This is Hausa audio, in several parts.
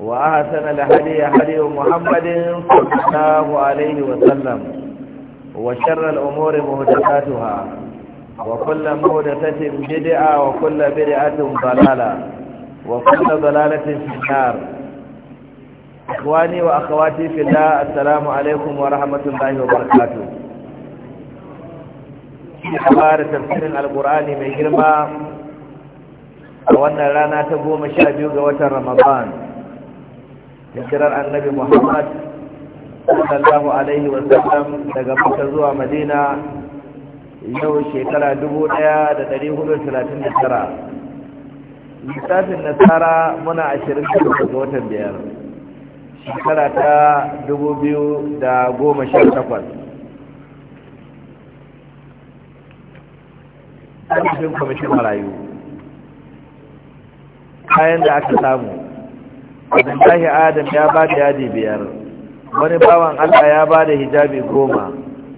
وأحسن الهدي هدي محمد صلى الله عليه وسلم وشر الأمور مهدفاتها وكل مهدفة بدعة وكل بدعة ضلالة وكل ضلالة في النار إخواني وأخواتي في الله السلام عليكم ورحمة الله وبركاته حوار تفسير القرآن من جرمى وأن رانا تبوم شابيو قوة رمضان hijirar annabi muhammad sallallahu alaihi wa sallam, daga maka zuwa madina yau shekara dubu ɗaya da da hudu talatin tara. lissafin nasara muna ashirin ga watan biyar shekara ta dubu biyu da goma sha takwas. ƙarfin kwamishin marayu kayan da aka samu abdullahi adam ya ba da yadi biyar wani bawan allah ya ba da hijabi goma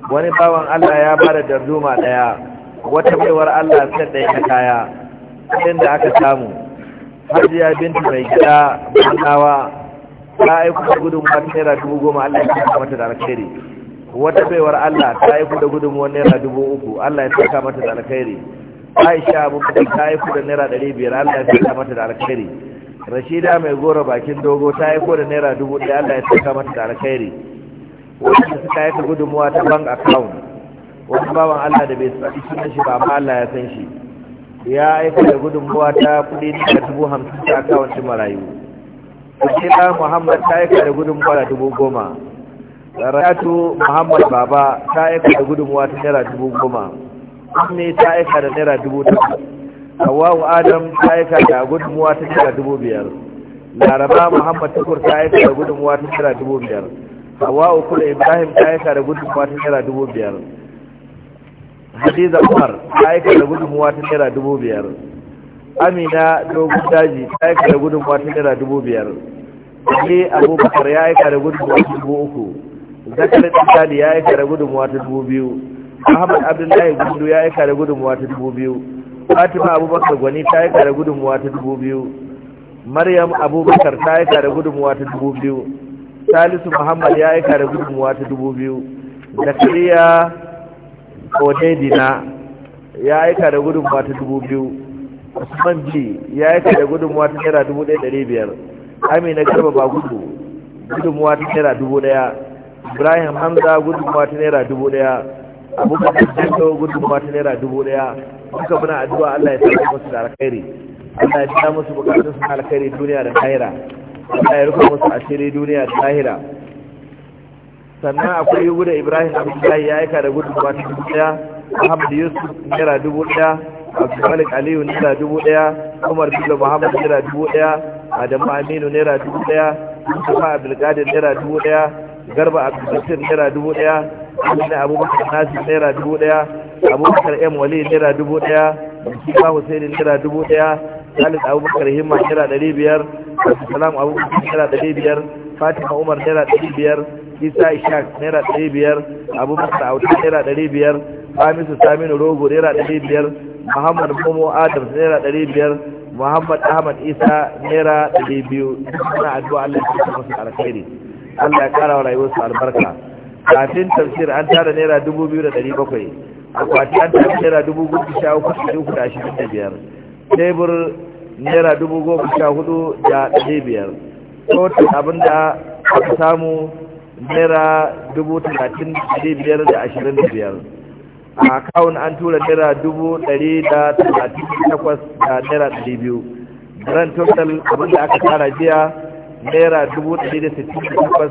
wani bawan allah ya ba da darduma ɗaya wata baiwar allah sai ɗaya ta kaya ɗin da aka samu hajiya bintu mai gida bannawa ta aiku da gudun wani naira dubu goma allah ya saka mata da alkhairi wata baiwar allah ta aiku da gudun wani naira dubu uku allah ya saka mata da alkhairi aisha abubakar ta aiku da naira ɗari biyar allah ya saka mata da alkhairi rashida mai gora bakin dogo ta yi da naira dubu ɗaya allah ya saka mata da alkhairi wanda suka yi gudunmuwa ta bank account wani bawan allah da bai sani sunan shi ba amma allah ya san shi ya aika da gudunmuwa ta kuɗi naira dubu hamsin ta account marayu rashida muhammad ta aika da gudunmuwa da dubu goma rayatu muhammad baba ta aika da gudunmuwa ta naira dubu goma ne ta aika da naira dubu takwas hawawu adam ta aika da gudunmuwa ta tara dubu biyar laraba muhammad tukur ta aika da gudunmuwa ta tara dubu biyar hawawu kula ibrahim ta aika da gudunmuwa ta tara dubu biyar hadiza umar ta aika da gudunmuwa ta tara dubu biyar amina dogon daji ta aika da gudunmuwa ta tara dubu biyar ne abubakar ya aika da gudunmuwa ta dubu uku zakar tsali ya aika da gudunmuwa ta dubu biyu muhammad abdullahi gundu ya aika da gudunmuwa ta dubu biyu fatima abubakar gwani ta yi kare gudunmuwa ta dubu biyu maryam abubakar ta yi kare gudunmuwa ta dubu biyu salisu muhammad ya yi kare gudunmuwa ta dubu biyu zakariya odedina ya yi kare gudunmuwa ta dubu biyu usman ji ya yi kare gudunmuwa ta naira dubu ɗaya ɗari biyar amina garba ba gudu gudunmuwa ta naira dubu ɗaya ibrahim hamza gudunmuwa ta naira dubu ɗaya abubakar jirgin gudunmuwa ta naira dubu ɗaya duka muna addu'a Allah ya saka musu da alkhairi Allah ya saka musu bukatun su alkhairi duniya da lahira Allah ya rufe musu asiri duniya da lahira sannan akwai yugo da Ibrahim Abdullahi ya aika da gudunmawa ta cikin daya muhammad Yusuf naira dubu daya Malik Aliyu naira dubu daya Umar Bello Muhammad naira dubu daya Adam Aminu naira dubu daya Mustafa Abdulkadir naira dubu daya Garba Abdulkadir naira dubu daya Amina Abubakar Nasir naira dubu daya abubakar m wali naira dubu daya musa husaini naira dubu daya khalid abubakar himma naira dari biyar Abu abubakar naira dari biyar fatima umar naira dari biyar isa Ishak naira dari biyar abubakar auta naira dari biyar hamisu saminu rogo naira dari biyar muhammad momo adam naira dari biyar muhammad ahmad isa naira dari biyu suna addu'a allah ya kasa musu alkhairi allah ya kara wa rayuwarsu albarka kafin tafsir an tara naira dubu biyu da dari bakwai akwati an tafi naira dubu goma sha uku da uku da ashirin da biyar tebur naira dubu goma sha hudu da ɗari biyar total abin da aka samu naira dubu talatin da biyar da ashirin da biyar a kawun an tura naira dubu ɗari da talatin da takwas da naira ɗari biyu Ran total abin da aka tara jiya naira dubu ɗari da sittin da takwas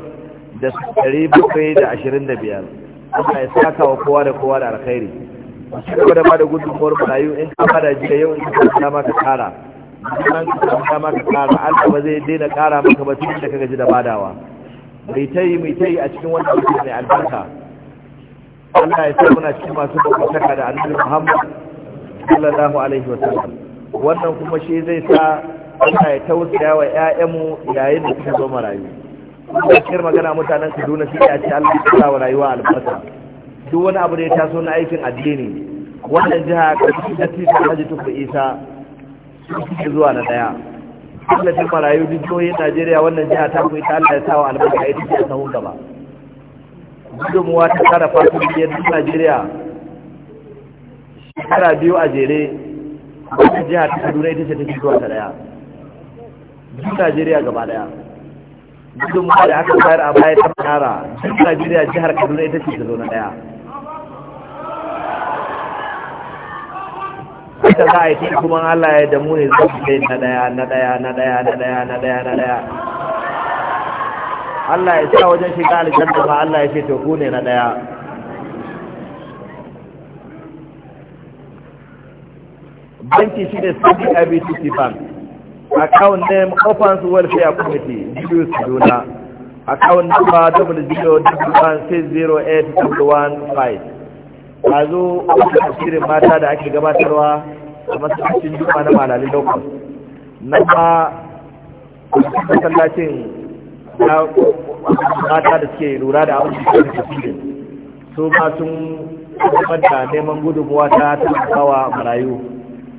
da ɗari bakwai da ashirin da biyar Allah ya saka wa kowa da kowa da alkhairi shi kuma da bada gudunmuwar marayu in ka bada jiya yau in ka samu ka kara nan ka samu maka ka kara Allah ba zai daina kara maka ba tun da ka gaji da badawa mai tai mai tai a cikin wannan mutum mai albarka Allah ya sa muna cikin masu bakwataka da annabi Muhammad sallallahu alaihi wa sallam wannan kuma shi zai sa Allah ya tausaya wa ƴaƴanmu yayin da suka zo marayu gaskiyar magana mutanen duna shi ya ce allah ya sa wa rayuwa albarka duk wani abu da ya taso na aikin addini wannan jiha ƙarfi na titi hajji tukur isa suke zuwa na ɗaya tallafin marayu duk jihohin najeriya wannan jiha ta kuwa ta allah ya tsawa wa albarka ita ce a sahun gaba gudunmuwa ta kara fasin biyar duk najeriya shekara biyu a jere wannan jiha ta kaduna ita ce ta zuwa ta ɗaya duk najeriya gaba ɗaya gudunmawa da aka bayar a baya ta fara duk najeriya jihar kaduna ita ce da na daya ita za a yi kuma allah ya damu ne zai kai na daya na daya na daya na daya na daya na daya allah ya sa wajen shiga aljanna ma allah ya ce to ku ne na daya banki shi ne sabi abc bank account name offense welfare committee julius kaduna account number double zero double one six zero eight double one five a zo shirin mata da ake gabatarwa a masallacin juma na malalin lokacin na ma masallacin na mata da suke lura da abin da suke tafiyin su ba sun kwanta neman gudunmuwa ta taimakawa marayu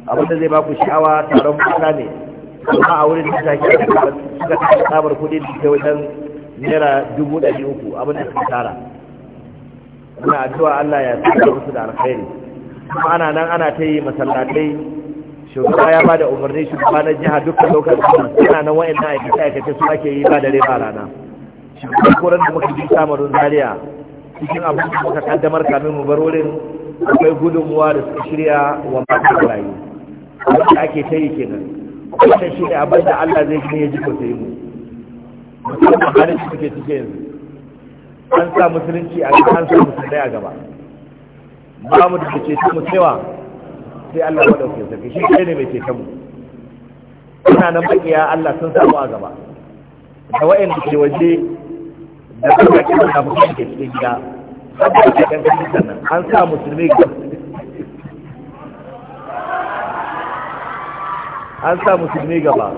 abinda zai baku sha'awa taron mata ne amma a wurin da take suka kashe tsabar kudi da ke wajen naira dubu ɗari uku abin da suka tara Ina addu'a Allah ya tsara musu da alkhairi kuma ana nan ana ta yi masallatai shugaba ya ba da umarni shugaba na jiha dukkan lokacin suna suna nan wa'in na aikace aikace su ake yi ba da rai ba rana shugaba koran da muka ji samarin zaria cikin abin da muka kaddamar kamin mu bar wurin akwai gudunmuwa da suka shirya wa masu rayu abin da ake ta yi kenan wannan shi ne abin da Allah zai ne ya ji ko sai mu musamman halin da suke cike yanzu an sa musulunci a gaba an sa musulmai a gaba ba mu da ce mu cewa sai Allah ya dauke sarki shi kai ne mai ceton mu suna nan bakiya Allah sun samu a gaba da da ke waje da suka kira da mutum ke cikin gida har ke kan kashi nan. an sa musulmai gaba an sa musulmi gaba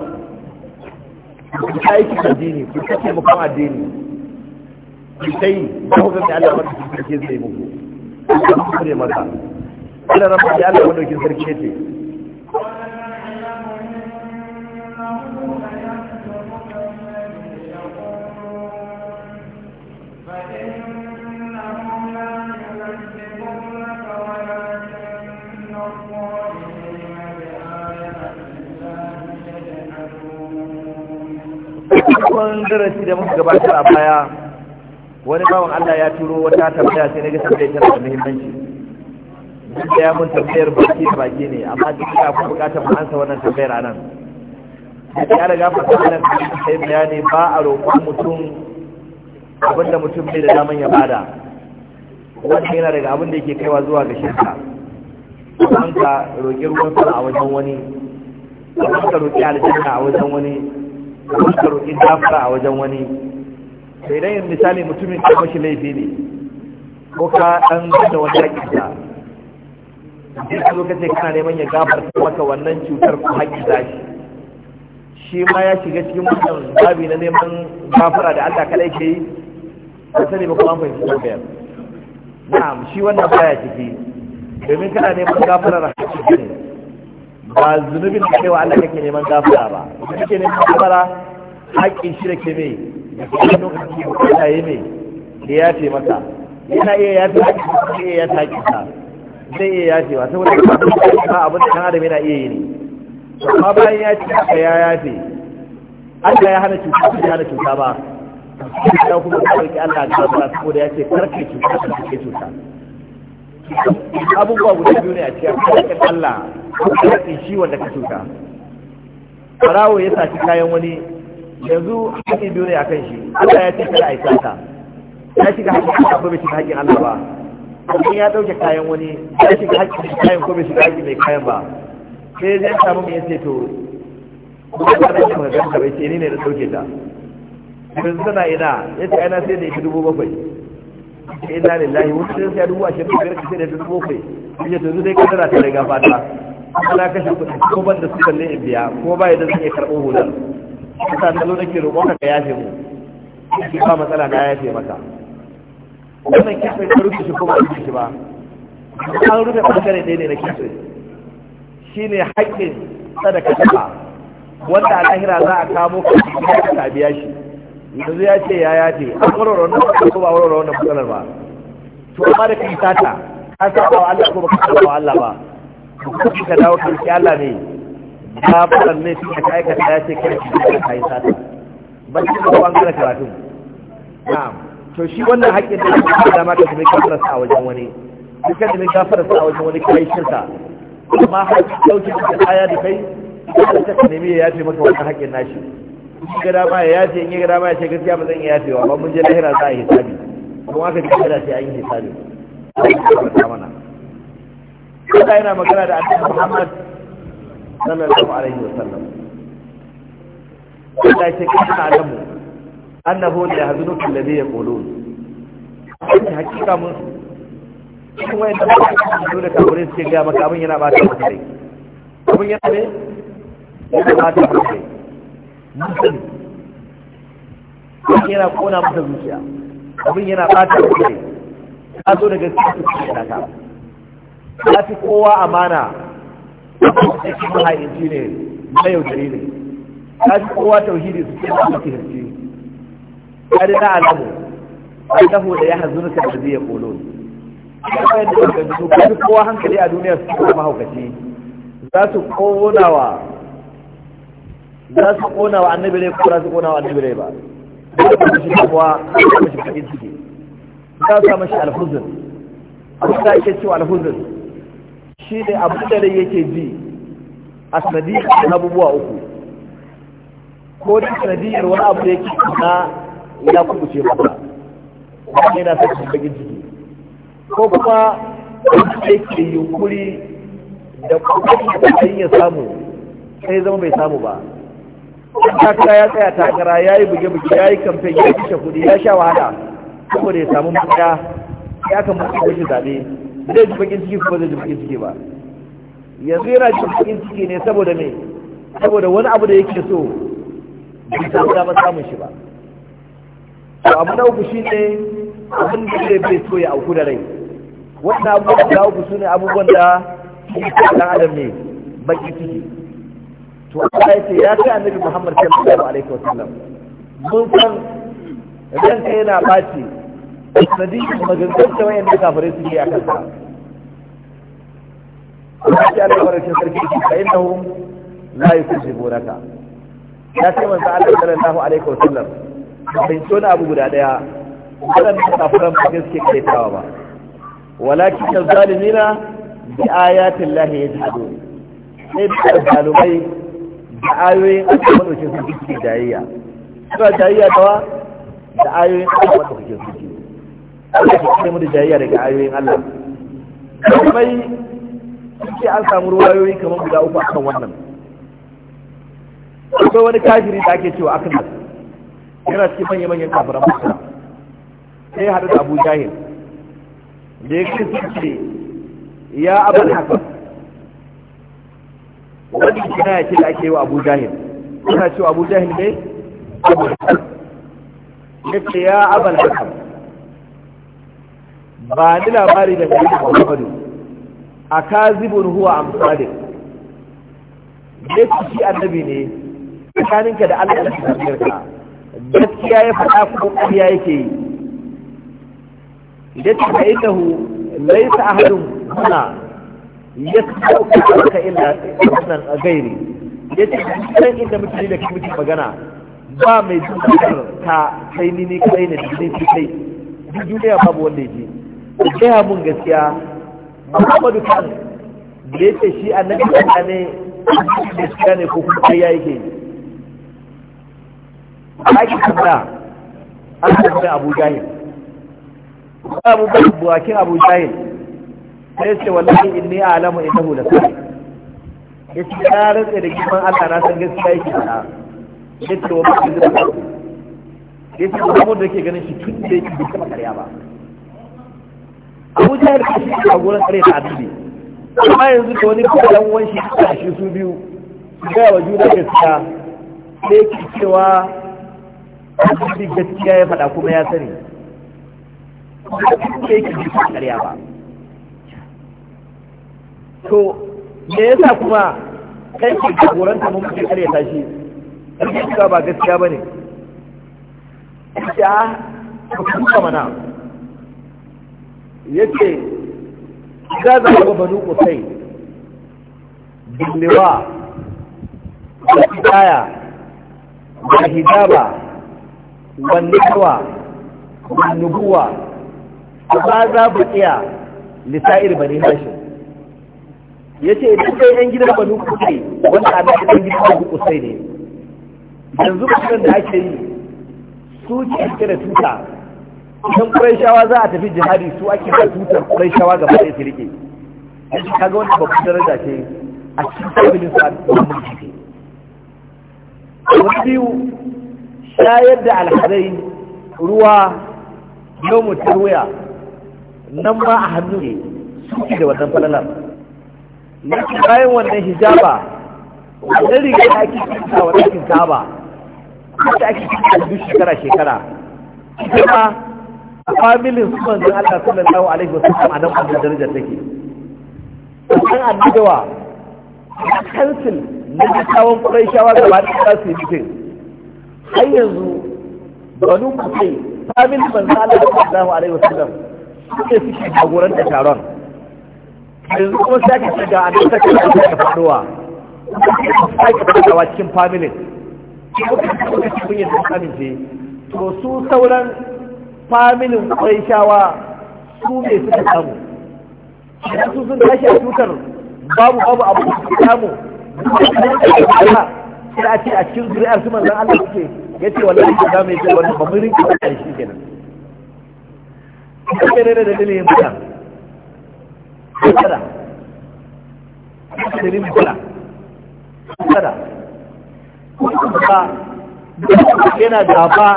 ku ta yi dini ku ta mukan addini ku ta yi ba ku gani Allah wanda ke sarki zai muku ku ta yi mata ina Allah da Allah wanda ke sarki ce wancan darasi da muka gabatar a baya wani bawan Allah ya turo wata tambaya sai na ga tambayar tana da muhimmanci duk da ya mun tambayar baki da baki ne amma duk da ku bukata mu ansa wannan tambayar a nan ya riga fata wannan sai bayani ba a roƙon mutum abinda mutum bai da daman ya bada wannan yana daga abin da yake kaiwa zuwa ga shirka an ka roƙi ruwan sama a wajen wani an ka roƙi aljanna a wajen wani kuma ka roƙi gafara a wajen wani sai dai misali mutumin ka mashi laifi ne ko ka ɗan gada wani haƙƙinsa sai ka zo ka ce kana neman ya gafarta maka wannan cutar ko haƙƙi za shi shi ma ya shiga cikin wannan babi na neman gafara da Allah kaɗai ke yi ba sani ba kuma fahimci ko bayar na'am shi wannan baya ciki domin kana neman gafarar haƙƙi ne ba zunubin da wa Allah kake neman gafara ba da kake neman gafara haƙƙin shi da ke mai da ke yi lokacin da kuma yi mai da ya ce masa yana iya ya fi haƙƙin sa iya ya fi haƙƙin sa zai iya ya ce wa saboda ba abin da kan adam yana iya yi ne amma bayan ya ce haka ya ya ce Allah ya hana cuta ba ya hana cuta ba sai kuma ka ɗauki Allah ga gafara saboda ya ce karka cuta ka cuta abubuwa guda biyu ne a cikin haƙƙin Allah haƙƙin shi wanda ka cuta farawo ya saci kayan wani yanzu haƙi biyu ne a kan shi Allah ya ce kada a yi sata ya shiga haƙƙin Allah ko bai shiga haƙƙin Allah ba in ya ɗauke kayan wani ya shiga haƙƙin kayan ko bai shiga haƙƙin mai kayan ba sai zai samu mai yace to kuma ba da shi magana bai ce ni ne da ɗauke ta yanzu tana ina ya ce ana sai da fi dubu bakwai inna lillahi wani sai ya dubu ashirin da biyar kashe da dubu bakwai ya to zai kadara ta daga fata ana kashe kuɗi ko ban da su balle in biya ko ba yadda zan iya karɓo hular kusa ta lo nake roƙon ka yafe mu shi ba matsala na yafe maka wannan kifin ya rufe shi ko ba rufe shi ba an rufe ɓangare ɗaya ne na kifin shi ne haƙƙin sadaka ta wanda a lahira za a kamo ka biya shi yanzu ya ce ya ya ce an warware wannan matsalar ko ba warware wannan matsalar ba to amma da kai sata ka saba wa Allah ko baka saba wa Allah ba kuma ka dawo kan shi Allah ne ba ba ne shi ka aikata ya ce kai ka kai sata ba shi ba an gara karatu na'am to shi wannan haƙƙin da aka da ma ka kuma kafara sa a wajen wani dukkan da kafara sa a wajen wani kai shirka amma har haƙƙin dauke da kaya da kai ka nemi ya yafe maka wannan haƙƙin nashi in gada ba ya yace in gada ba ya ce gaskiya ba zan iya yafewa amma mun je lahira za a yi hisabi kuma aka ji kada sai an yi hisabi mana Allah yana magana da Annabi Muhammad sallallahu alaihi wasallam Allah ya ce kana alamu annahu la yahzunuka alladhi yaqulun hakika mun kuma wayan da ba su da kafirai sai ga maka abin yana ba ta kai rai abin yana ne ya ba ta kai musali abin yana kona masa zuciya abin yana ɓata da kai ka zo daga cikin cikin naka ka fi kowa amana da ke mahaici ne na yaudare ne ka fi kowa tauhidi su ce masu kirki ka da na alamu annahu da ya hazurka da zai ya kolo ya bayar da ɗaukar da fi kowa hankali a duniya su kowa mahaukaci za su konawa za su kona wa annabi rai ko za su kona wa annabi rai ba za su mashi damuwa za su mashi ciki za sa mashi alhuzur abin da ake cewa alhuzur shi ne abin da rai yake ji a sanadiyar abubuwa uku ko da sanadiyar wani abu da yake na ya kubuce masa wani yana sa shi bakin ciki ko kuma yake yunkuri da kuma da ya samu sai zama bai samu ba takara ya tsaya takara ya yi buge-buge ya yi kamfen ya fi kudi ya sha wahala saboda ya samu mutuwa ya kamata ya shi zaɓe zai ji bakin ciki kuma zai ji bakin ciki ba yanzu yana ji bakin ciki ne saboda me saboda wani abu da yake so bai samu damar samun shi ba to abu na uku shi ne abin da zai bai so ya auku da rai wannan abubuwan da uku su ne abubuwan da shi ɗan adam ne bakin ciki to Allah ce ya ce annabi Muhammad sallallahu alaihi wasallam mun san ranka yana baci sadiqin maganganun da wayan da kafirai yi a kansa Allah ya ce Allah ya sarki ki fa innahum la yukzibunaka ya ce manzo Allah sallallahu alaihi wasallam bai tona abu guda daya waɗannan kafiran ba gaske kaitawa ba walakin zalimina bi ayatin lahi yajhadun sai da zalumai da ayoyin Allah madaukakin sarki suke jayayya suna jayayya tawa da ayoyin Allah madaukakin sarki Allah ke kare mu da jayayya daga ayoyin Allah kamar suke an samu ruwayoyi kamar guda uku a kan wannan akwai wani kafiri da ake cewa akan nan yana cikin manyan manyan kafiran musulma sai haɗu da abu jahil da ya kasance ya abin hakan wani kinaya ce da ake yi wa abu jahil suna cewa abu jahil ne ya ce ya abal hakam ba ni labari da kai da muhammadu a kazibun huwa amsalin ne su shi annabi ne tsakaninka da allah da shi gaskiya ya faɗa kuma ƙarya yake yi idan ta fa'inahu laisa ahadun huna ya sauka ka illa wannan a gairi ya ce kan inda mutane da kuma magana ba mai dukkan ta sai ni ne kai ne ni ce kai duk duniya babu wanda yake gaya mun gaskiya Muhammadu kan da yake shi annabi Allah ne gaskiya ne ko kuma kai yake Aki tambaya an tambaya Abu Jahil Abu Bakar buwakin Abu Jahil sai ce wallahi inni a'lamu innahu lasadiq yace ya rantsa da girman Allah na san gaskiya yake Ya ce wa ba zai ba yace Muhammad da yake ganin shi tun da yake bai taɓa karya ba Abu Jahal ka shi a gurin kare ta abibi amma yanzu da wani kuma dan uwan shi ta shi su biyu su ga wa juna gaskiya sai yake cewa abibi gaskiya ya faɗa kuma ya sani kuma yake bai taɓa karya ba to me yasa kuma kai ke jagoranta mun kake kare ta shi gaskiya ba gaskiya bane ya kuma mana yace za za ga banu kusai billewa da hidaya da hijaba ba za فهذا بقي lisa'ir bane hashin yace idan kai yan gidan banu kusai wanda a da gidan gidan banu kusai ne yanzu kusan da ake yi su ke ake da tuta idan shawa za a tafi jihadi su ake da tutar shawa gaba ɗaya su rike yanzu kaga wanda babban daraja ce a cikin sabilin su a mamman jiki wani biyu shayar da alhazai ruwa yau mutum wuya nan ma a hannu ne suke da wannan falalar yake bayan wannan hijaba wannan riga da ake kinta wa ɗakin kaba wanda ake kinta duk shekara shekara kuma a familin su manzo Allah sallallahu alaihi wasallam a nan wannan darajar take sannan annabawa kansil na jikawon ƙuraishawa gaba da ba ta su yi mutum har yanzu banu kusai familin manzo Allah sallallahu alaihi wasallam suke suke jagoran da taron yanzu kuma sake shiga a nan sake da sake faruwa sake a cikin familin kuma kuma cikin yadda sun amince to su sauran familin kwai shawa su ne suka samu idan su sun tashi a cutar babu babu abu da suka samu sai a ce a cikin zuri'ar su manzan Allah suke ya ce wallahi ba za mu yi wannan ba mu rinke da shi kenan. Kuma ne da dalilin yin mutane. hasada hasada ne kula hasada kuma yana gaba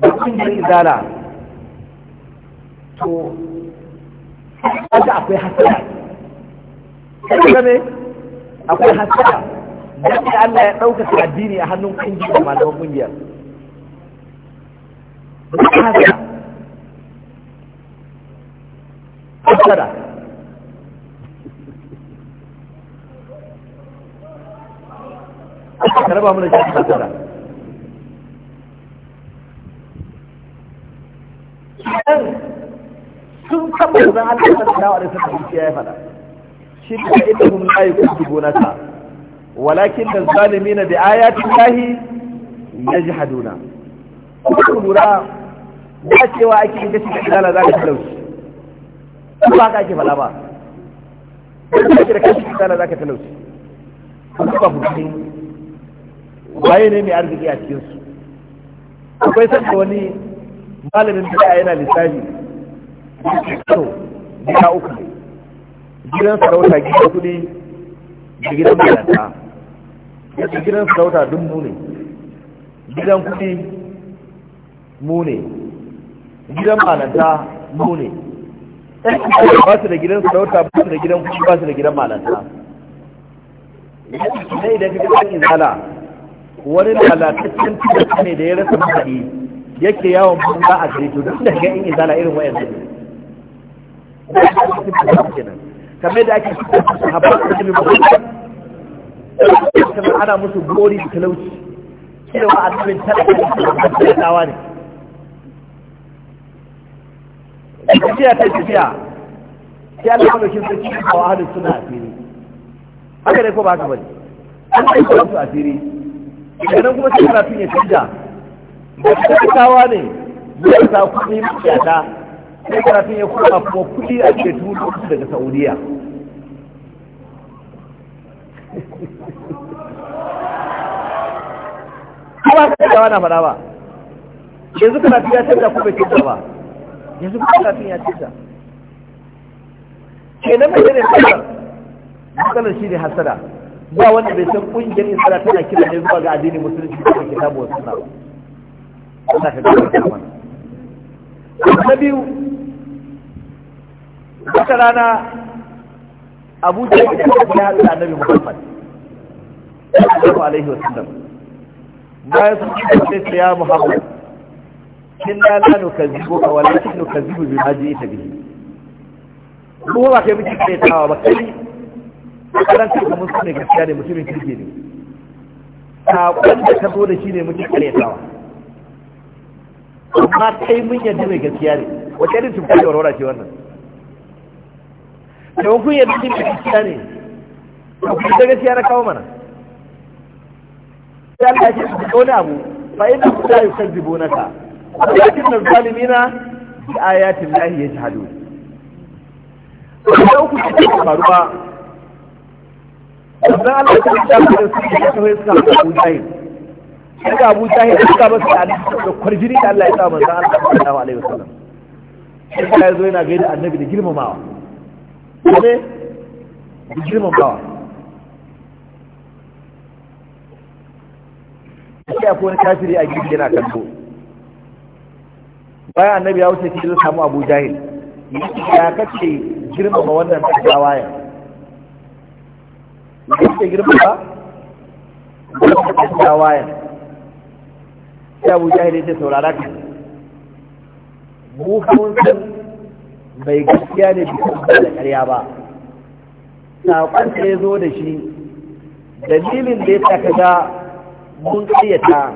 da kungiyar izala to kaga akwai hasada kaga ne akwai hasada dan Allah ya dauka addini a hannun kungiyar malaman kungiyar hasada hasada ka raba mu da shi hasada sun taɓa zan Allah sallallahu alaihi shi ya faɗa shi da idahum la yakutubunaka walakin az-zalimina bi ayati llahi yajhaduna ku lura ba cewa ake yin gashi da ilala za ka talauci ba ka ake faɗa ba ba ka da kashi da ilala za ka talauci ba ku waye ne mai arziki a cikin su akwai da wani malamin da yana lissafi to gida uku ne gidan sarauta gidan kudi da gidan malanta yadda gidan sarauta dun mu ne gidan kudi mu ne gidan malanta mu ne ba su da gidan sarauta ba su da gidan kudi ba su da gidan malanta ne idan ka gidan izala wani lalataccen cikin ne da ya rasa mahaɗi yake yawon banza a gare to duk da ga in izala irin wayan zai kamar da ake haɓar da jami mutum kamar ana musu gori da talauci cewa a cikin talauci da tsawa ne tafiya ta tafiya sai an kama shi sun cikin kawo ahalin suna a fili haka ne ko ba haka ba ne an aiki wasu a fili daga nan kuma sai karatun ya canja da talakawa ne ya sa kuɗi mafiyata sai karatun ya kuma kuma kuɗi a ke turu daga saudiya Kuma ka gawa na fara ba yanzu karatun ya canja ko bai canja ba yanzu karatun ya canja kenan mai ne matsalar matsalar shi ne hasada ba wanda bai san kungiyar isra tana kira ne zuwa ga addinin musulunci da kuma kitabu wasu sunna ba ka gaba da wannan na biyu wata rana abu da ya haɗu da annabi muhammad sallallahu alaihi wa sallam bayan sun ci sai sai ya muhammad kin na la nukazzibu ka wala kin nukazzibu bi ma ji ita bihi ko ba kai miki kai tawa ba kai karanta da musu ne gaskiya ne mutumin kirki ne saƙon da ka zo da shi ne muke karyatawa amma kai mun yadda mai gaskiya ne wace irin tun da warwara ce wannan da kun yadda shi mai gaskiya ne a kuma ta gaskiya na kawo mana sai Allah ya ce wani abu fa ina ku la yukadzibunaka walakin zalimina bi ayatin lahi yajhadun ba ku ce ba sannan Allah ta ta da su da su suka haɗa Abu Jahil sai ga Abu Jahil ya saba su da da kwarjini da Allah ya sa manzo Allah sallallahu alaihi wasallam sai ya zo yana gaida annabi da girmamawa ne da girmamawa sai akwai wani kafiri a gidi yana kallo bayan annabi ya wuce shi da samu Abu Jahil ya kace girmama wannan tawayan da suke girma ba da suka ta wayan sai abu jahili ta saurara ka bufin bai gaskiya ne bikin da ƙarya ba saƙon da ya zo da shi dalilin da ya taka ga mun ƙayyata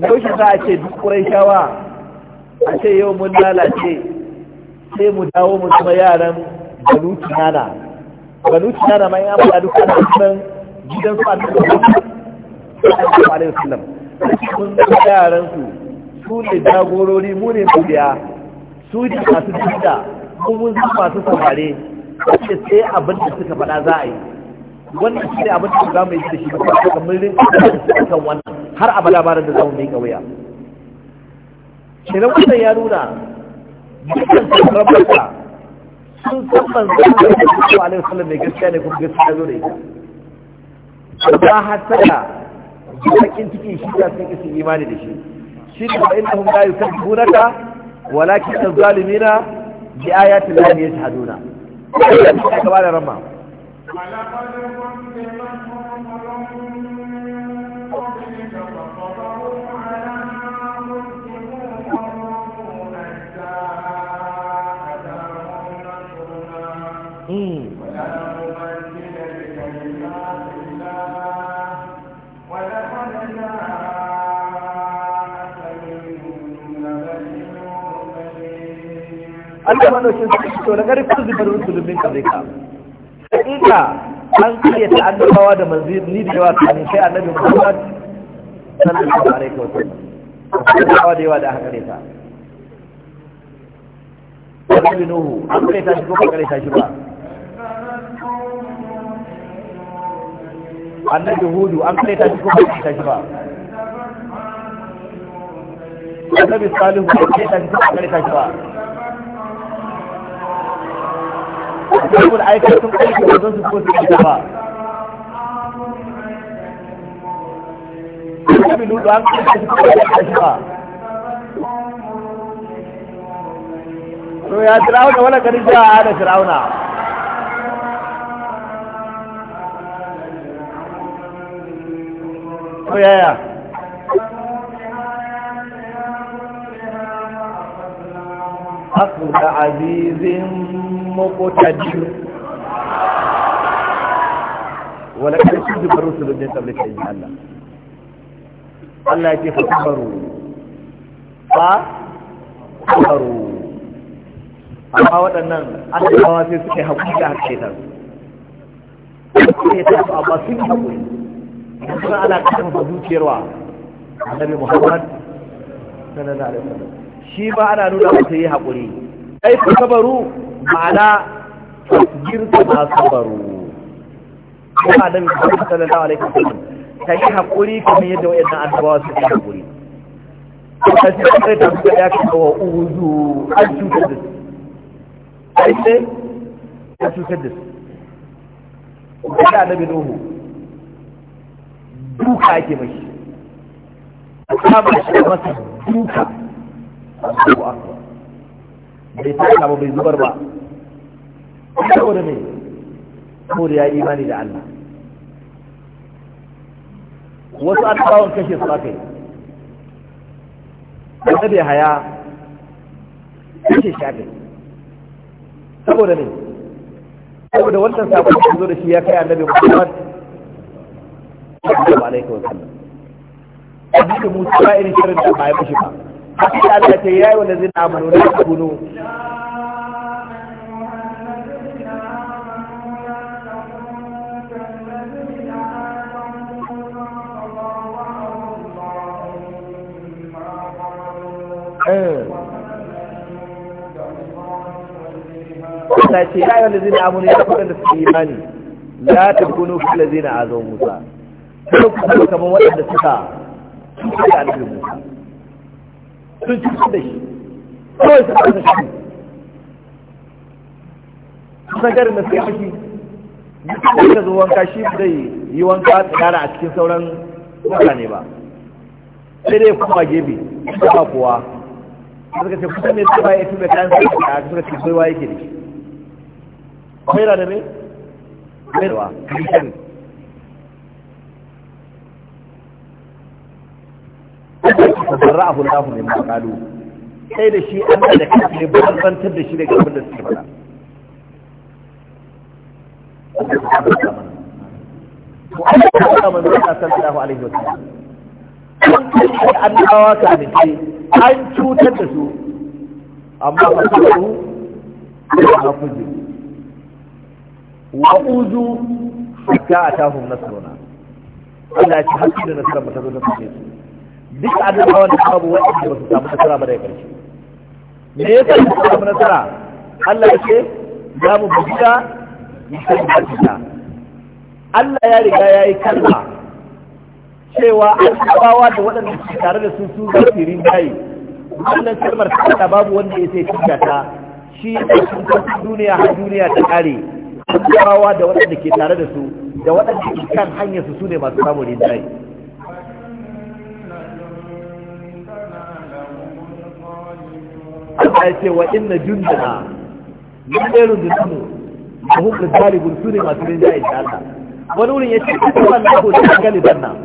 yaushe za a ce duk kurai shawa a ce yau mun lalace sai mu dawo mu kuma yaran balu tunana banu kinana ma ya faɗa duk ana cikin gidan su annabi sallallahu alaihi wasallam kun ga yaran su su ne jagorori mu ne biya su ne masu dinda mu mun san masu samare ce sai abin da suka faɗa za a yi wannan shi ne abin da za mu yi da shi ba kuma mun wannan har abada ba da za mu yi kauya ya nuna dukkan sun san manzon Allah alaihi wasallam mai gaskiya ne kuma gaskiya zo da ita amma hasada bakin cikin shi sun san isin imani da shi shi ne hun innahum la yukazzibunaka walakin az-zalimina bi ayati llahi yajhaduna ya ba da rama ولقد كنت منهم Allah madaukin sarki to na ƙarfin zubar musulmin ka zai ka hakika an karyata annabawa da manzanni da yawa kan kai annabi Muhammad sallallahu alaihi wa sallam annabawa da yawa da aka karyata Annabi Nuhu an karyata shi ko ba ta shi ba Annabi Hudu an karyata shi ko ba ta shi ba Annabi Salihu an karyata shi ko ba ta shi ba saboda aikar sun aiki da don su ko su ita ba Abi Lutu an kai shi da shi ba. To ya Fir'auna wala kari ja da Fir'auna. To yaya? Haku da azizin makota biyu wala kada su zubar rusulu din tabbata yin Allah Allah ya ce fa baro fa baro amma waɗannan annabawa sai suke hakuri da ta sai ta ba su yi hakuri idan suna ala su fa zuciyarwa annabi Muhammad sallallahu alaihi wasallam shi ba ana nuna masa yi hakuri kai fa sabaru ma'ana tasbirka su sabaru kuma da mutum sallallahu alaihi wasallam ta yi hakuri kamar yadda wayannan annabawa suka yi hakuri ka ce sai ta buga ya kawo wa uzu an cutar da su sai ce ya cutar da su kuma annabi nuhu duka ake mashi a ba shi masa duka Allahu akbar bai ta ba bai zubar ba saboda me saboda ya yi imani da Allah wasu annabawan kashe su aka yi bai haya kashe shi aka yi saboda me saboda wannan sabon da zo da shi ya kai annabi Muhammad sallallahu alaihi wa sallam annabi Musa ba irin shirin da ba ya mushi ba haka da Allah ta yayi wanda zai amanu da kuno Allah ce ya yi wa zai amuru ya da imani la ta kuno kula zai na azon musa kuma kuma kamar waɗanda suka suka da alfin musa sun ci da shi kawai su kasa shi kusan garin da suka fashi duk da zo wanka shi zai yi wanka tsara a cikin sauran mutane ba sai dai kuma gebe da ba kowa suka ce kusan su ba ya fi mai kayan a suka ce baiwa yake da shi kwaira da mai? kwaira da mai Allah ya tabarra abu Allah min maqalu sai da shi Allah da kansa barbantar da shi daga da suke manzo sallallahu alaihi ne an cutar da su amma fa su wa uzu nasruna Allah ya ci hakki da ta zo ta fice su duk abin da babu wani ba su samu nasara ba ya karshe me yasa ba su samu nasara Allah ya ce za mu gida, mu san bujira Allah ya riga ya yi kalma cewa an annabawa da waɗanda su tare da su su zafirin yayi wannan kalmar ta babu wanda ya sai cika ta shi ne sun duniya har duniya ta kare annabawa da waɗanda ke tare da su da waɗanda ke kan hanyar su su ne masu samun rinjaye Allah ya ce wa inna jundana mun dai rundunar mu da hukun talibun su ne masu rinjaye da Allah wani wurin ya ce kuma na ko da galiban nan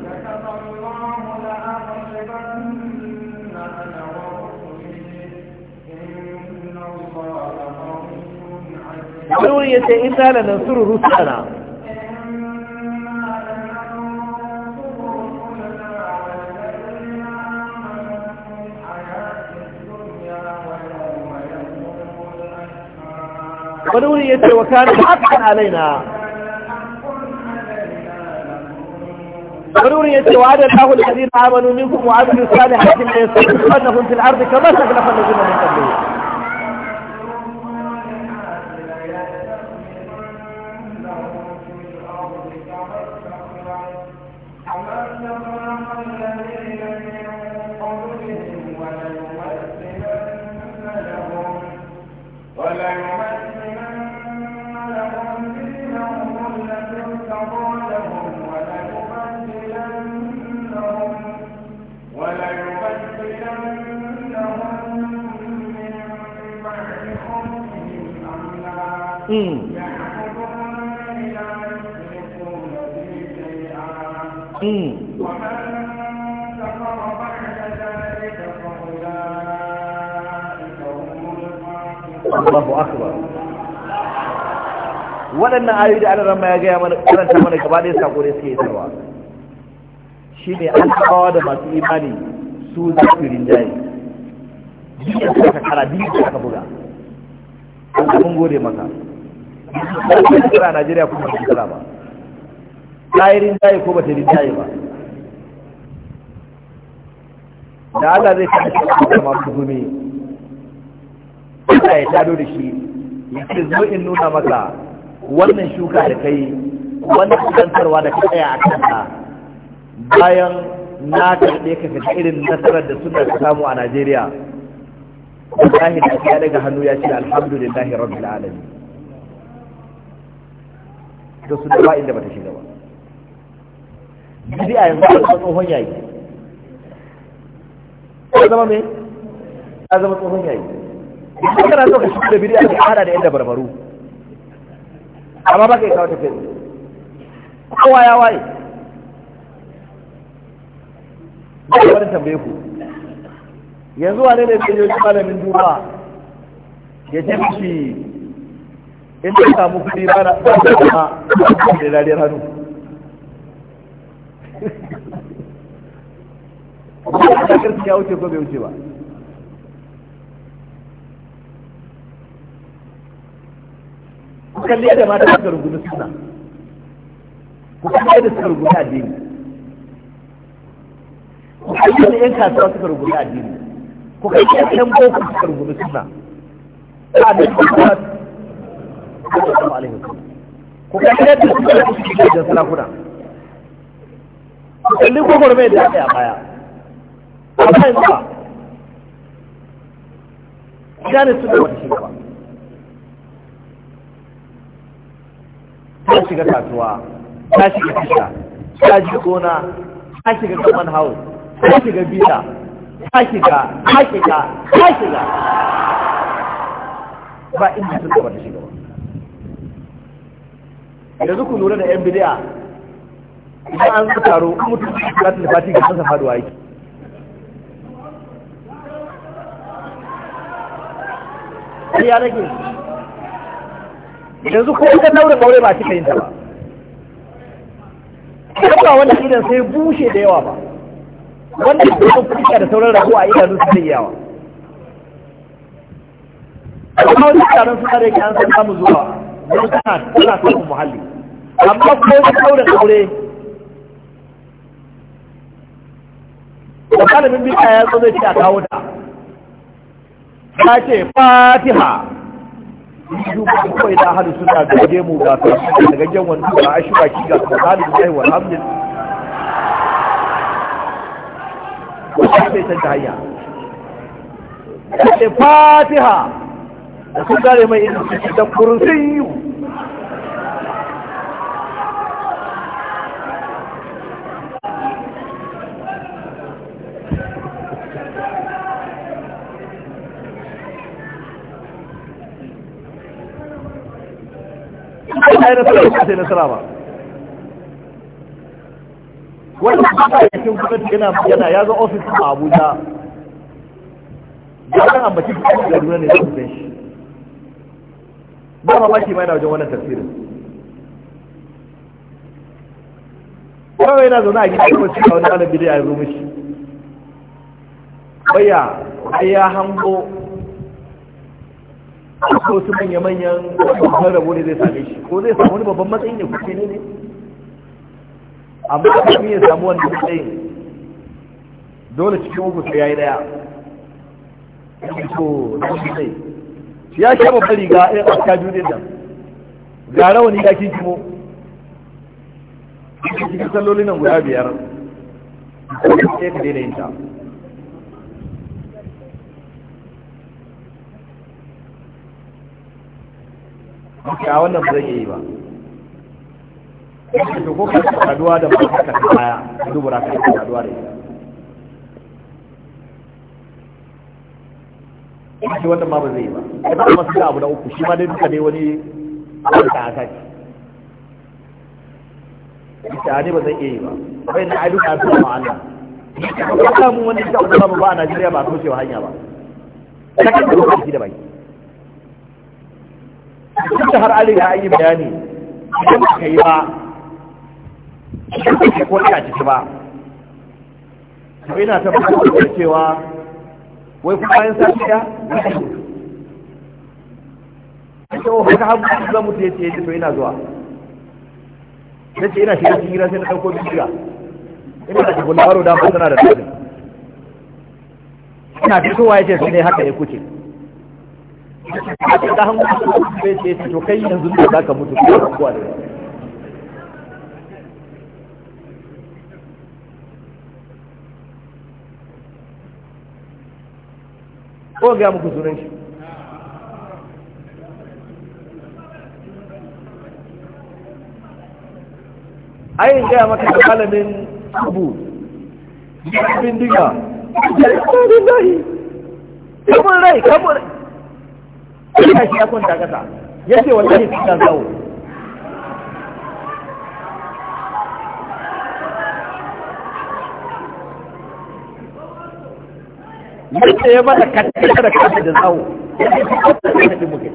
wani wurin ya ce in na nan suru rusana قلوني يدري وكان حقا علينا قلوني يدري وعد الله الذين آمنوا منكم وعملوا صالحا كما يستطيعونهم في الأرض كما سأغلق الذين من قبله Allahu akbar waɗannan ayoyi da Allah ramma ya gaya mana karanta mana gaba ɗaya sako ne suke isarwa shine an kawo da masu imani su za su rinjaye duk da ka kara duk da ka buga Allah mun gode maka ba kira a Najeriya kuma ba kira ba ta yi rinjaye ko ba ta rinjaye ba da Allah zai kashe masu gumi Allah ya tado da shi ya ce zo in nuna maka wannan shuka da kai wannan kusantarwa da ka tsaya a kanta bayan na karɓe ka fita irin nasarar da suna ta samu a Najeriya wallahi da ya daga hannu ya ce alhamdulillahi rabbil alamin to su da ba inda bata shiga ba bid'a yanzu ba tsohon yayi Ka zama me a zama tsohon yayi duk kana so ka shi da bid'a ka hada da yadda barbaru amma ba ka yi kawo ta kai kowa ya waye da wani tambaye ku yanzu wane ne zai yi malamin duba ya ce mishi in ta samu kuɗi ba na ba da kuma da dariyar hannu ba da karfi ya wuce ko bai wuce ba ku kalli yadda mata suka rubuta suna ku kalli yadda suka rubuta addini ku kalli yadda yan kasuwa suka rubuta addini ku kalli yadda yan boko suka rubuta suna a da kuma sallallahu alaihi wasallam ku kalli yadda suka rungumi gidajen sarakuna ku kalli gwagwarmai da ya yi a baya a bayan ba gane su da wani shugaba ta shiga kasuwa ta shiga kisa ta ji gona ta shiga kaman house ta shiga bita ta shiga ta shiga ta shiga ba inda sun gaba da shiga ba yanzu ku lura da yan bidiya idan an zo taro mutum ya tafi fati ga kansa faduwa yake sai ya rage yanzu ko ita naura aure ba cika yin ta ba kuma wanda idan sai bushe da yawa ba wanda sun fuska da sauran rago a idanu su zai yawa kuma wani taron su tare ki an san samu zuwa wani tana tana samun muhalli amma ko wani saurin aure da kalibin ta ya zo zai ce a kawo ta ta ce fatiha duka kawai na hadu suna gaje mu ga kai daga gaggen wani ba a ba ki ga kai halin sai wa hamdin ko sai bai san haya. sai fatiha da sun gare mai in da kursiyu yi nasara ba sai nasara ba wannan cikin gwamnati yana yana ya zo ofis a abuja ya kan ambaci da kaduna ne su san shi ba ma mamaki ma yana wajen wannan tafsirin kawai yana zaune a gida ko cewa wani ɗalibin da ya zo mishi bayya ai ya hango ko su manya-manyan babban rabo ne zai same shi ko zai samu wani babban matsayin ya kuke ne ne amma ka ya samu wani matsayin dole cikin uku sai ya yi daya to ya sha babban riga ɗaya a cikin duniyar da ga rawani ya kin kimo cikin salloli nan guda biyar sai ka daina yin ta muke a wannan ba zai iya yi ba yake to ko ka saduwa da ba ka kaya baya dubura ka ta saduwa da ita shi wannan ma ba zai yi ba kuma kuma suka abu na uku shi ma dai duka dai wani abin da aka ci ita ne ba zai iya yi ba bai na ayyuka a tuwa ma'ana ba samu wani shi abu da ba a najeriya ba a kaucewa hanya ba ta kan da lokaci da baki duk da har aliga ya yi bayani idan ka yi ba shi ba ka kone a ciki ba to ina tabbatar da cewa wai kuma yin sati ya ake wa haka hagu za mu ta yace to ina zuwa Sai ce ina shiga cikin sai na ɗauko bishiya. ina da cikin da da tana da tafin ina fitowa ya ce su ne haka ya kuce da hannu sai ce to kai yanzu da za ka mutu ko kuwa da ko ga muku sunan shi ayin gaya maka da abu bin diga ya yi rai ya shi ya kwanta kasa ya ce wallahi sai ka zawo yadda ya bada kakkata da kasa da zawo ya ce kakkata da kasa muke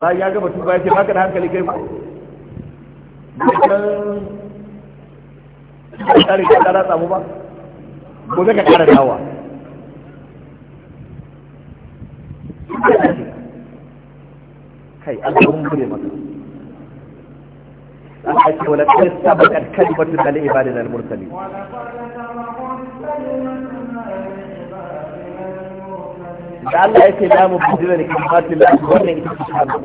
ba ya gaba tuba ya ce baka da hankali kai ba kan tsari ka tsara samu ba ko gobe ka kara dawa kai an mun gure maka Allah ce wala kad sabakat kalimatu lil ibadil mursalin da Allah yake da mu bidira da kalmatu la wannan ita ce shanu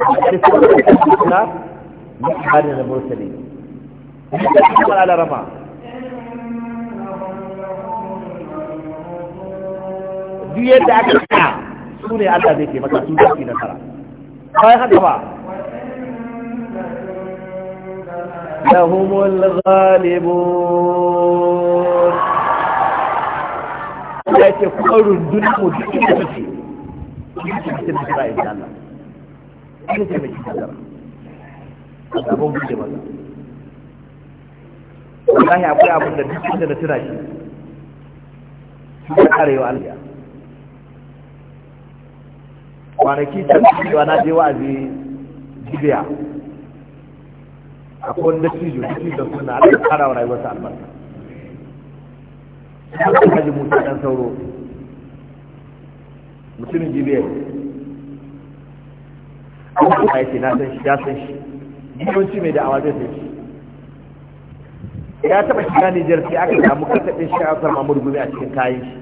kada su kuma ni ibadin da mursali ni da kuma ala rama duk yadda aka ka su ne Allah zai ke maka su zai nasara bayan haka ba lahumul ghalibun ya ce kuma rundunar mu duk ce kira Allah ce mai kira a gaban maza wallahi akwai abin da duk inda na tira shi karewa Allah kwanaki can cewa na je wa'azi jibiya a kowane dattijo cijo suna ala kara wa rayuwarsa albarka sun kaji musa dan sauro mutumin jibiya a yake na san shi ya san shi yawanci mai da'awa zai san shi ya taɓa shiga Nijar sai aka samu karkaɗin shi a sarmamur gumi a cikin kayan shi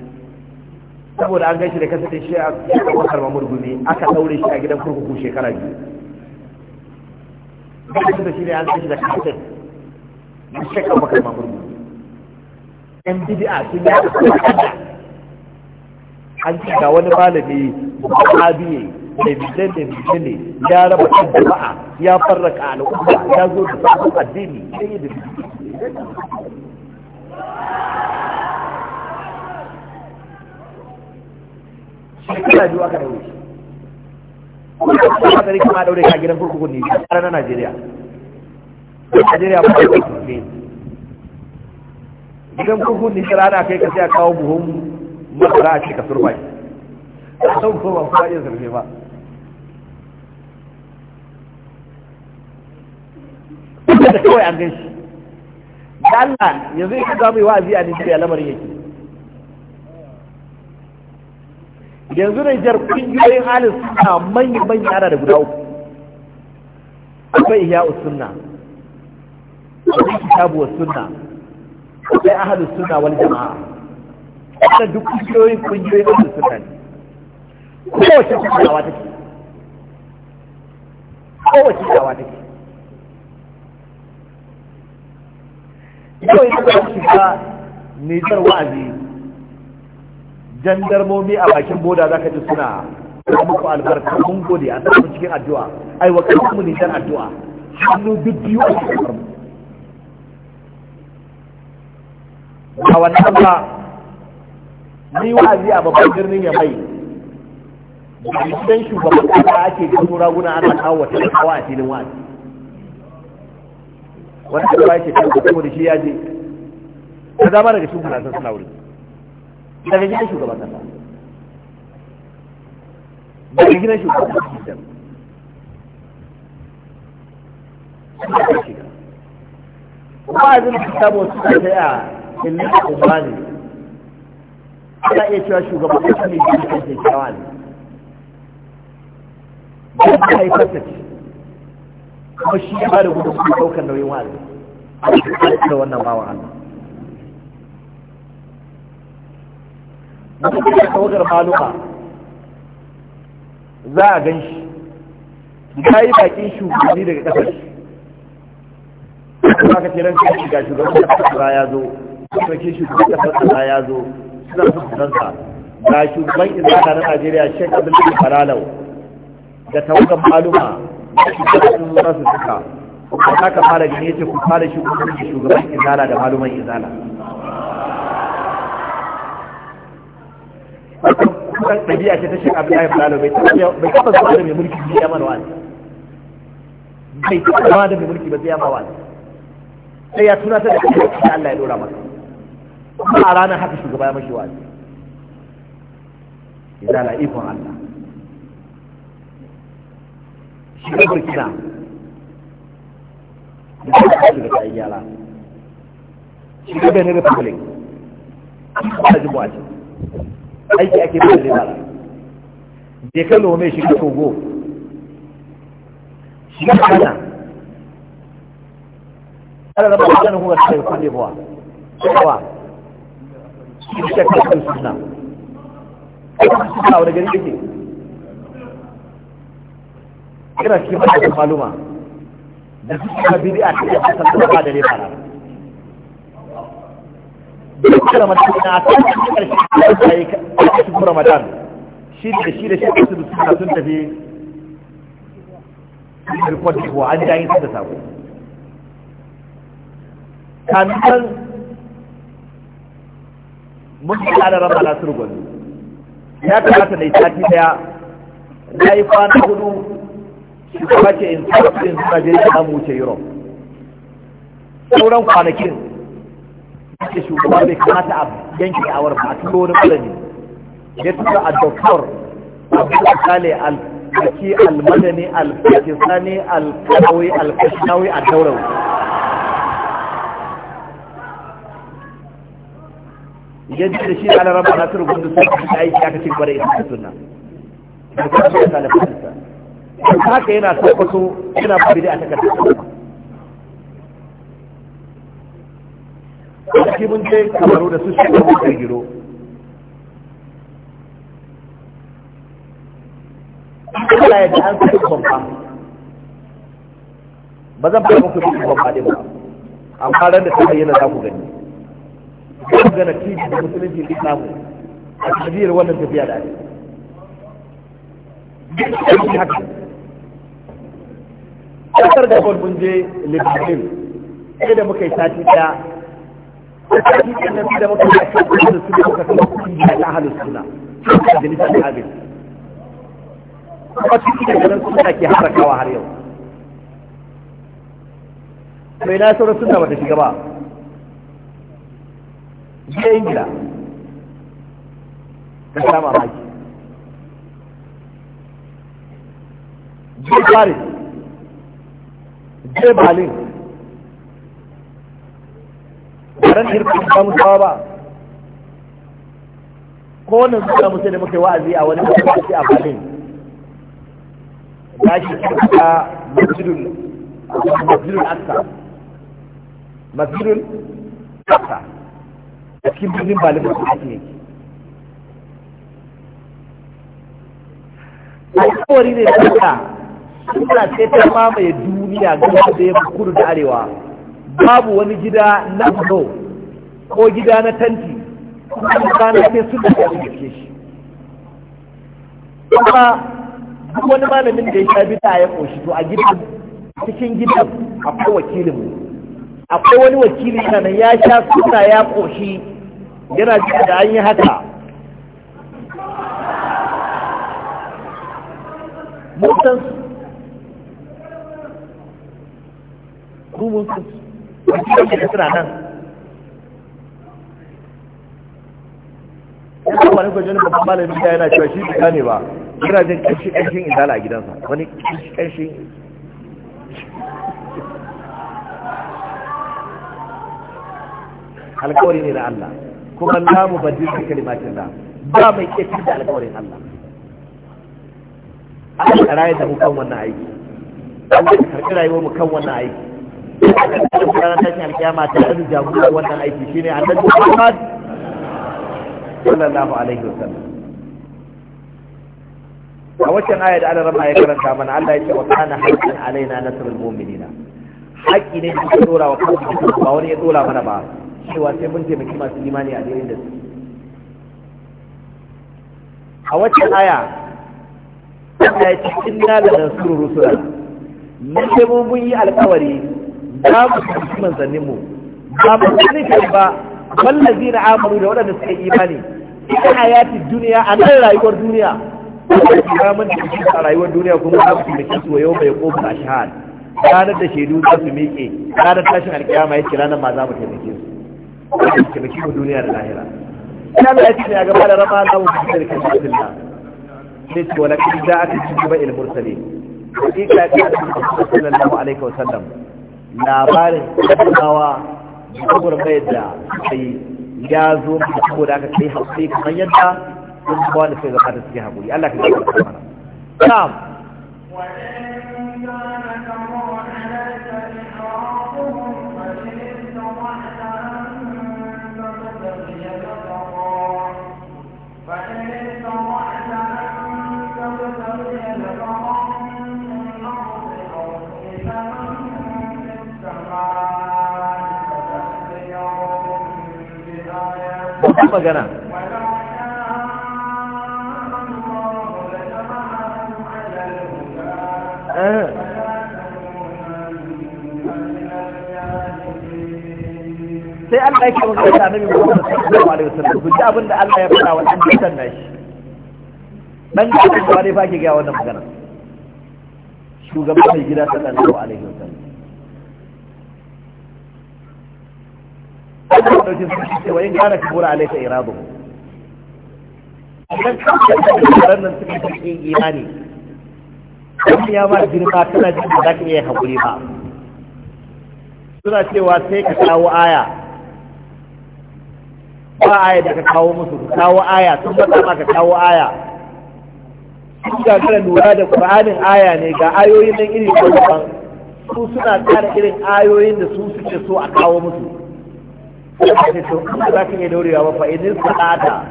saboda an gaishe da kasance shi a cikin kasar mamur gumi aka daure shi a gidan kurkuku shekara biyu shi da shi ne an gaishe da kasance da shekar bakar mamur gumi yan sun yi aka an ce ga wani malami biye da bidan da bidan ne ya raba kan jama'a ya farraka al'umma ya zo da sabon addini yi da bidan gidan ne a na Najeriya Najeriya ta rana kai ka a kawo buhun masara a ce ka surba shi a sau ko ba kuma iya ba da kawai an gan shi da Allah yanzu ya kaga mai wa'azi a Nijeriya lamarin yake yanzu jar kungiyoyin halin suna manyan manya ana da guda uku akwai iya usunna akwai kitabu wa sunna akwai ahalin sunna wani jama'a wannan duk kungiyoyin kungiyoyin ahalu sunna ne kowace kungiyawa take kowace kungiyawa take yau yanzu da shiga Nijar wa'azi jandarmomi a bakin boda zaka ji suna muku albarka mun gode a samu cikin addu'a ai wa kanku mu ne dan addu'a hannu duk biyu a cikin a wannan ba ni wa'azi a babban birnin ya mai gidan shugaban kasa ake gano raguna ana kawo wata kawa a filin wa'azi wani shugaba ya ce kan da shi ya je ta zama daga shugaban suna wuri daga gidan shugaban kasa daga gidan shugaban kasa wa'azin a ilmi kuma ne ana iya cewa shugaban kasa ne da ne don ta haifar ta ce kuma shi ya ba da gudun kuma ɗaukar nauyin wa'azi a cikin da wannan bawa Allah mutum da tawagar maluma za a gan shi ya yi bakin shugabanni daga ƙasar. shi za ka ce ranka shi ga shugaban kasar ya zo sarki shugaban kasar ya zo suna fuskantarsa ga shugaban izana na najeriya shek abinci falalau da tawagar maluma da shugaban za su suka kuma ka fara gane ce ku fara shugaban izala da maluman izala? kusan ɗabi'a ce ta shi abin da ya fulano bai zuwa da mai mulki wani bai zuwa da mai mulki ba wani sai ya tuna ta da da Allah ya kuma a ranar haka shugaba ya mashi wani idan ikon Allah shi burkina da shiga ta shi benin republic kuma aiki ake ba da riba je ka lome shiga togo shi shiga kana ala da ba kana kuma sai kulle bawa cewa shi ta kan sunna kuma wani gari yake ba da maluma da suka bidi a cikin ba da riba duk ramadan na san karshe da yi cikin ramadan shi da shi da shi da su suna sun tafi cikin kwanci ko an jayin su da sako kamin mun tsara ramadan sun rugundu ya kamata na yi sati daya na yi kwana hudu shi kuma ce in sarrafin suna jirgin amu wuce europe sauran kwanakin da shugaba bai kamata a yanki da awar ba turo wani malami ya tura a doktor a bisa al baki al-madani al-pakistani al a al ya ji da shi a ala ba na turu gudu sun fi aiki aka cikin kwarai ita suna da kuma shi ya kalafa haka yana tabbato yana babi da a takardar ake mun je kamaru da su shiga da giro kuma ya ji an sai kwamfa ba zan fara muku duk kwamfa ne ba amma ran da ta bayyana za ku gani zan gana tv da musulunci da islamu a tafiyar wannan tafiya da ake ƙasar da kwan mun je libanin sai da muka yi sati ɗaya hadisin nan da muka ga shi da su da muka kuma kungiya ta ahlus sunna da lisan abin kuma cikin da nan sunna ke harakawa har yau mai na sauran sunna bata shiga ba je ingila ka sha mamaki taron irkin gamsawa ba ko su suka musu da muka yi wa'azi a wani masallaci a Berlin shi kirka masjidul masjidul Aqsa masjidul Aqsa a cikin birnin balin da ake yake alkawari ne da suna sai ta mamaye duniya ga da ya kudu da arewa babu wani gida na fito ko gida na tanti kana sai sun da su gaske shi kuma duk wani malamin da ya sha bita ya koshi to a gidan cikin gidan akwai wakilin mu akwai wani wakili yana nan ya sha suna ya koshi yana jin da an yi haka mutan su rumun su wakilin da suna nan ina amfani da jini babban malamin ya yana cewa shi duka ne ba yana jin ƙarshen ƙarshen izala a gidansa wani ƙarshen alkawari ne na Allah kuma la mu badil bi kalimatin Allah ba mai kiyaye da alkawarin Allah Allah ka raye da mu kan wannan aiki Allah ka karɓi rayuwar mu kan wannan aiki Allah ka karɓi ranar tashin alkiyama ta da jagora wannan aiki shine annabi Muhammad sallallahu alaihi wasallam a waccan aya da Allah rama ya karanta mana Allah ya ce wa kana haqqan alaina nasrul mu'minina haƙi ne da dora wa kanmu ba wani ya dora mana ba cewa sai mun taimaki masu imani a daidai da su a waccan aya Allah ya ce inna la nasrul rusul mun sai mun yi alƙawari za mu taimaki manzanninmu ba mu sani ba wallazi na amanu da waɗanda suka yi imani ita yafi duniya a nan rayuwar duniya kamar da shi a rayuwar duniya kuma za su da kisu yau mai kofa a shahar ranar da shaidu za su miƙe ranar tashin alƙiyama ya ce ranar ma za mu taimake su za mu taimake mu duniya da lahira ina da yake ya gaba da rama za mu fi da kan bismillah sai ce wala kin da aka ci gaba il mursalin hakika ta da sallallahu alaihi wasallam labarin kasawa gugur mai da sai ya zo da saboda aka kai haƙuri kamar yadda sun ba da sai zama da suke haƙuri Allah ka yi haƙuri mana. ta magana eh. sai Allah yake magana da Annabi Muhammad sallallahu alaihi wasallam ku ji abin da Allah ya faɗa wa ɗan bitan nashi dan ga Allah ne fa ke ga wannan magana shugaban mai gida sallallahu alaihi wasallam Allah ya dauki su ce wa in kana kabura alayka iradu idan ka ce ran nan suka yi imani dan ya ma girma tana jin ba za ka iya haƙuri ba suna cewa sai ka kawo aya ba aya da ka kawo musu ka kawo aya sun faɗa ma ka kawo aya sun gagara lura da Qur'anin aya ne ga ayoyin nan iri daban su suna tsara irin ayoyin da su suke so a kawo musu to kuma za ka iya daurewa ba fa idan sa'ada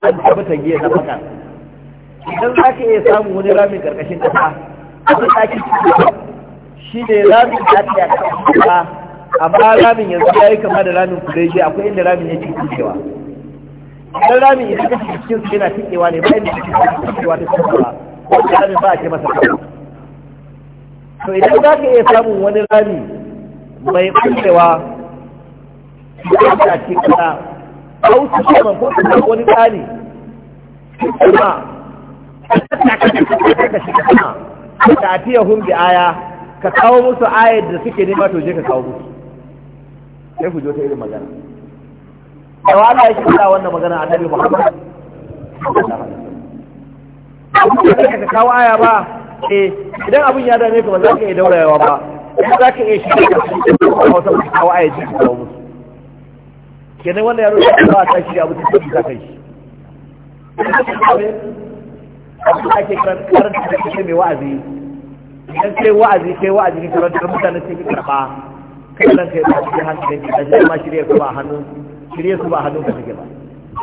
an taɓa ta giya na fakar idan za ka iya samun wani ramin ƙarƙashin ƙasa wani ɗakin ciki. shi ne ramin da ake a ƙasa amma ramin yanzu ya yi kama da ramin kureji akwai inda ramin ya ci cikewa idan ramin idan ka cikin su yana cikewa ne bayan da cikin cikewa ta cikewa wanda ramin ba a ce masa kawo to idan za ka iya samun wani rami mai kullewa Ka a cikin kasa a wasu shaman ko kuma wani tsari kuma ka shi kasa hun bi aya ka kawo musu ayar da suke nema to je ka kawo musu sai ku ta irin magana da ka ya shi da wannan magana annabi Muhammad ka kawo aya ba eh idan abin ya dame ka ba za ka iya daurayawa ba za ka iya shi ka kawo aya ji ka kawo musu kenan wannan yaro da ba ta shi abu da ta kai shi abu da ake karanta da kike mai wa'azi idan kai wa'azi kai wa'azi ne karanta da mutane sai ki karba kai nan kai ba ki hankali da shi ma shirye ku ba hannu shirye ku ba hannu ka take ba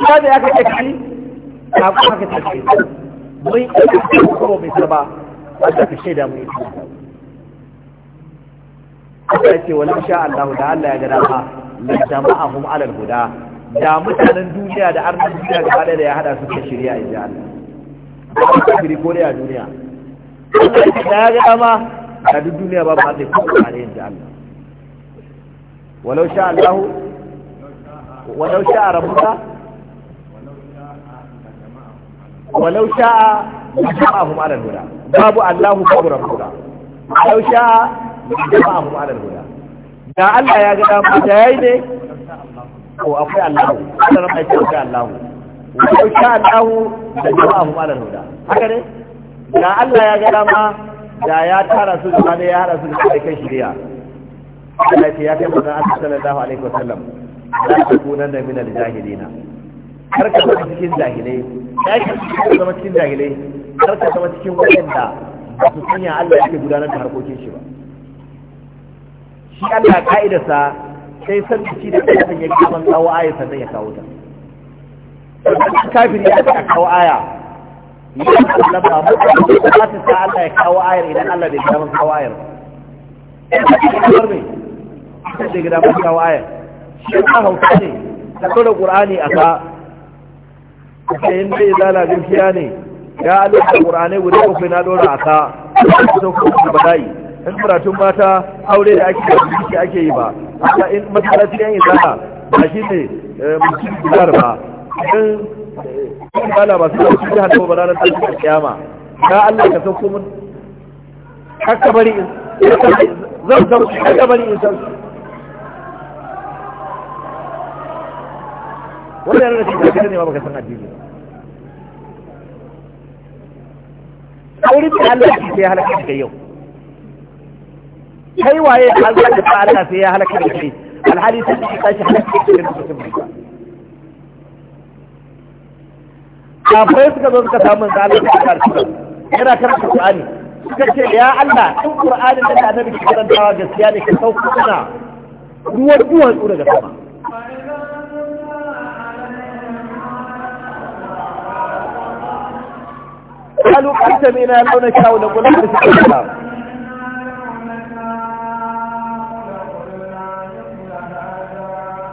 ba da aka ce ki ka ku haka take mun yi ko mai sarba wanda ka shaida mu ita Allah ya ce wala sha Allah da Allah ya ga dama lantama'ahum alal huda da mutanen duniya da arnin duniya gaba da ya hada su shirya a jihar Allah ba su ko a duniya da ya ga ma da duk duniya ba ba zai kuma a yin jihar walau sha Allah walau sha rabbuka walau sha a lantama'ahum alal huda babu allahu babu rabuta walau sha a lantama'ahum alal huda da Allah ya ga dama ya yi ne ko akwai Allahu Allah mai ce akwai Allahu ko sha Allahu da jama'a mu alal huda haka ne da Allah ya ga dama da ya tara su da ya hada su da kai shari'a Allah ya ce ya kai manzon Allah sallallahu alaihi wasallam kunan da min al-jahilina kar ka zama cikin jahilai ya ka zama cikin jahilai kar ka zama cikin da ba su sanya Allah yake gudanar da harkokin shi ba shi Allah ka'idarsa sai san da shi da kasan ya kawo tsawo aya sannan ya kawo ta kafin ya ta kawo aya ya Allah ba mu ba ta Allah ya kawo ayar idan Allah bai kawo kawo ayar a me sai da gaban kawo ayar shi ta hausa ne ta kula ƙur'ani a ka sai in bai zala gaskiya ne ya Allah ƙur'anai guda ko na dora a ka ko ku bada'i in karatun mata aure da ake yi ake yi ba amma in masallaci yan izala ba shi ne eh, mutum bizar ba eh, in izala ba su da su jihar da ranar tashin kiyama Ka Allah ka sauko mun kakka bari in zan zan kakka bari in san. wannan yana da shi da ne ba baka san addini aure da Allah ke halaka da yau kai waye da Allah da ta Allah sai ya halaka da kai alhali sai ka tashi halaka da mutum kafai suka zo suka samu zalunci a karshe yana karanta Qur'ani suka ce ya Allah in Qur'anin da annabi ke karantawa gaskiya ne ka sauko kuna ruwan duwatsu daga sama قالوا قد سمعنا لو نشاء لقلنا بسم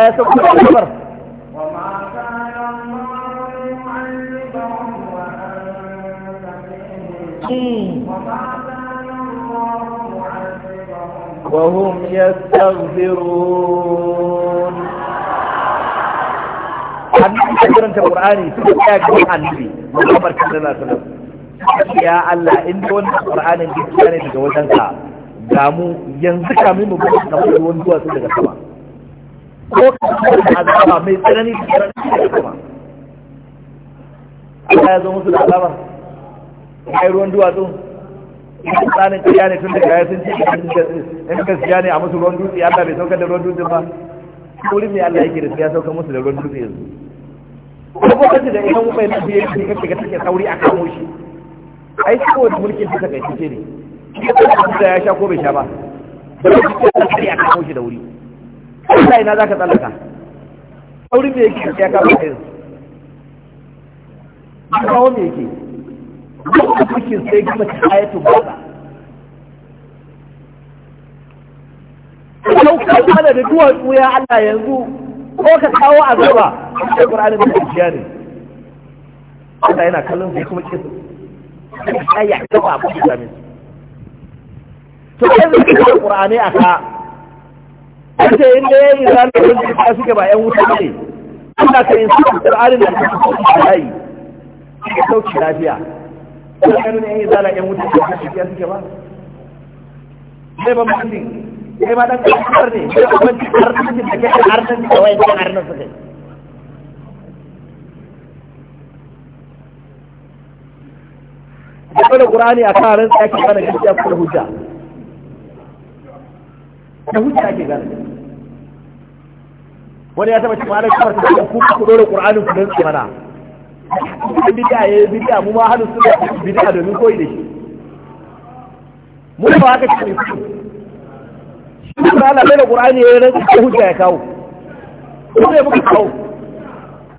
Allah ya sauko da kabar وهم hmm. يستغفرون annabi ta karanta qur'ani sai ya ga annabi Muhammad sallallahu alaihi wasallam ya Allah in da wannan qur'anin gaskiya ne daga wajenka ga mu yanzu kamin mu ga wani zuwa daga sama da azaba mai tsanani da tsanani da kuma Allah ya zo musu da azaba ya yi ruwan duwatsu in tsanin ƙarya ne tun da kaya sun ce in gaskiya ne a musu ruwan dutse Allah bai saukar da ruwan dutse ba kuri mai Allah yake da ya saukar musu da ruwan dutse yanzu kuma kanci da idan mubai na biye ne kake ga take sauri a kamo shi ai saboda mulkin ta kai ce ne da ya sha ko bai sha ba da ya kamo shi da wuri Allah ina zaka tsallaka saurin da yake ya kama kai su kawo me yake duk cikin sai gama ta ayatu ba kau ka kana da duwatsu ya Allah yanzu ko ka kawo a gaba cikin Qur'ani da jiya ne Allah yana kallon zai kuma kisu sai ya gaba ba ku sami to kai zai ka a ka ake yin da yayi zan da kuma suke ba yan wuta ne Allah ka yin su Qur'ani da yayi. ka sauki lafiya kan ne yayi da yan wuta da suke suke ba sai ba din sai ma dan kar ne sai kuma arnan da ke arnan da wai kan su suke Dole Kur'ani a kan ran sai ka fara gaskiya ko hujja. Da hujja ake gane. wani ya taba cikin malar kamar su cikin kuka ku dole ƙur'anin ku don su mana cikin bidiya ya yi bidiya mu ma hannun suna bidiya domin koyi da shi mu ba haka cikin su shi kuma ana mai da ƙur'ani ya yi nan cikin hujja ya kawo ko ne muka kawo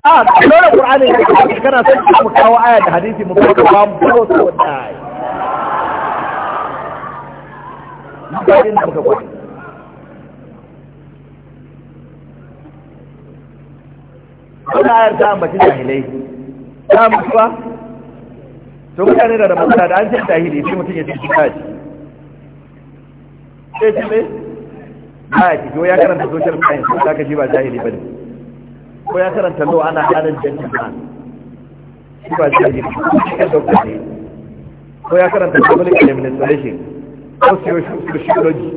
a ah, dole ƙur'ani ya kawo kana son mu kawo aya da hadisi mu kawo ba mu kawo saboda ai. Mutanen da muka kwaye. wata ayar ta ambaci jahilai ta ambaci ba to mutane da matsala da an ce jahili sai mutum ya shi sai ce mai ya ya karanta social science ko ka ba jahili ba ne ko ya karanta ana jannin ba shi ba jahili dokta ne ko ya karanta public administration ko sociology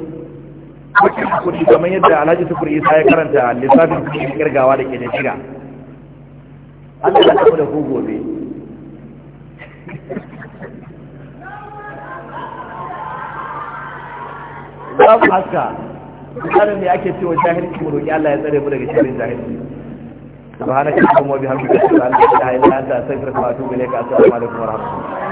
ko cikin kudi kamar yadda alhaji tukur isa ya karanta lissafin kirgawa da ke da shiga Allah ya tafi da ku gobe babu haka misalin ne ake cewa jahilci mu roƙi Allah ya tsare mu daga shirin jahilci subhanaka allahumma wa bihamdika ashhadu an la ilaha illa anta astaghfiruka wa atubu ilayka assalamu alaikum wa rahmatullahi